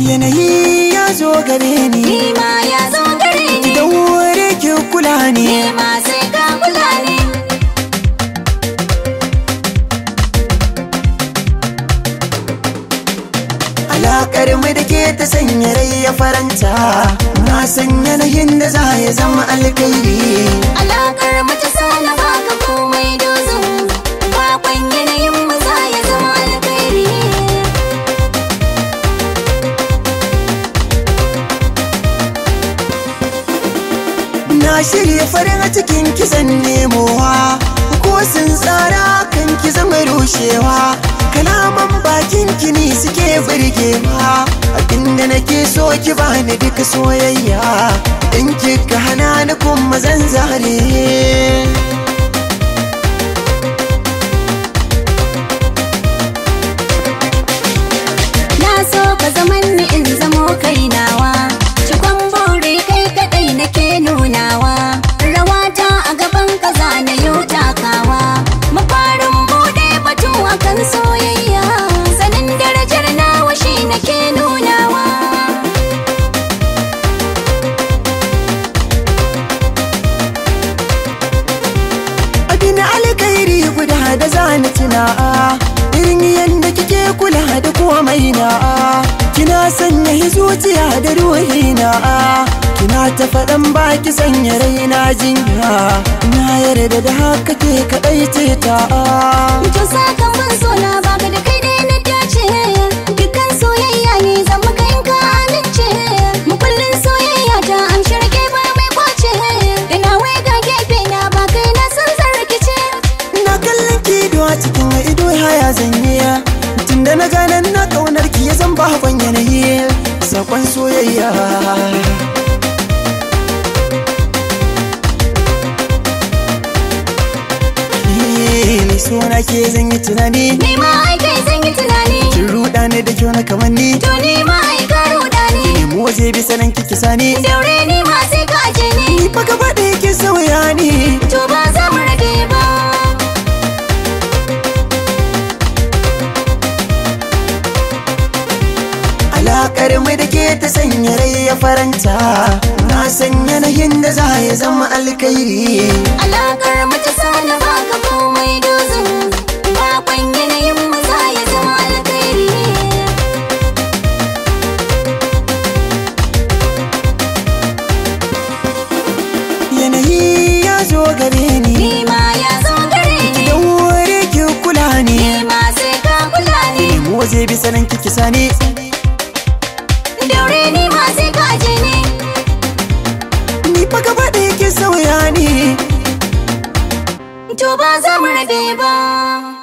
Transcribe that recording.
Yanayi ya zo gare ni Nima ya zo gare ni da wuri ki kula ni Nima sai ka kula ni Alakar mu da ke ta sanya rai ya faranta Na na yanayin da za ya zama alkairi Alakar mu na shirya farin cikin kisan nemowa ko sun tsara kan ki zama rushewa kalaman bakin kini suke birgewa abinda nake so ki bani duka soyayya in kika hana ni kuma zan zare wani alkhairi guda da zani tuna irin yadda kike kula da komai na kina sanya zuciya da ruhi na kina ta faɗan baki sanya raina jinya na yarda da haka ke kaɗai ce ta suna ke zan yi tunani ni ma ai kai zan yi tunani kin ruda ne da kyau na kamar ni to ni ma ai ka ruda ni ni mu waje bi sanan kiki sani daure ni ma sai ka aje ni ni fa gaba da yake sauya ni to ba kar mu da ke ta sanya rai ya faranta Na sanya nahin da za ya zama alkairi Alakar mu ta sana baka komai dozin Bakon yanayin mu za ya zama alkairi Yanayi ya zo gare ni Nima ya zo gare ni Da wuri ki kula ni Nima sai ka kula ni mu waje bisa nan kiki sani daure ni ma sai ka ni fa gaba da yake sauya ni to ba za mu rabe ba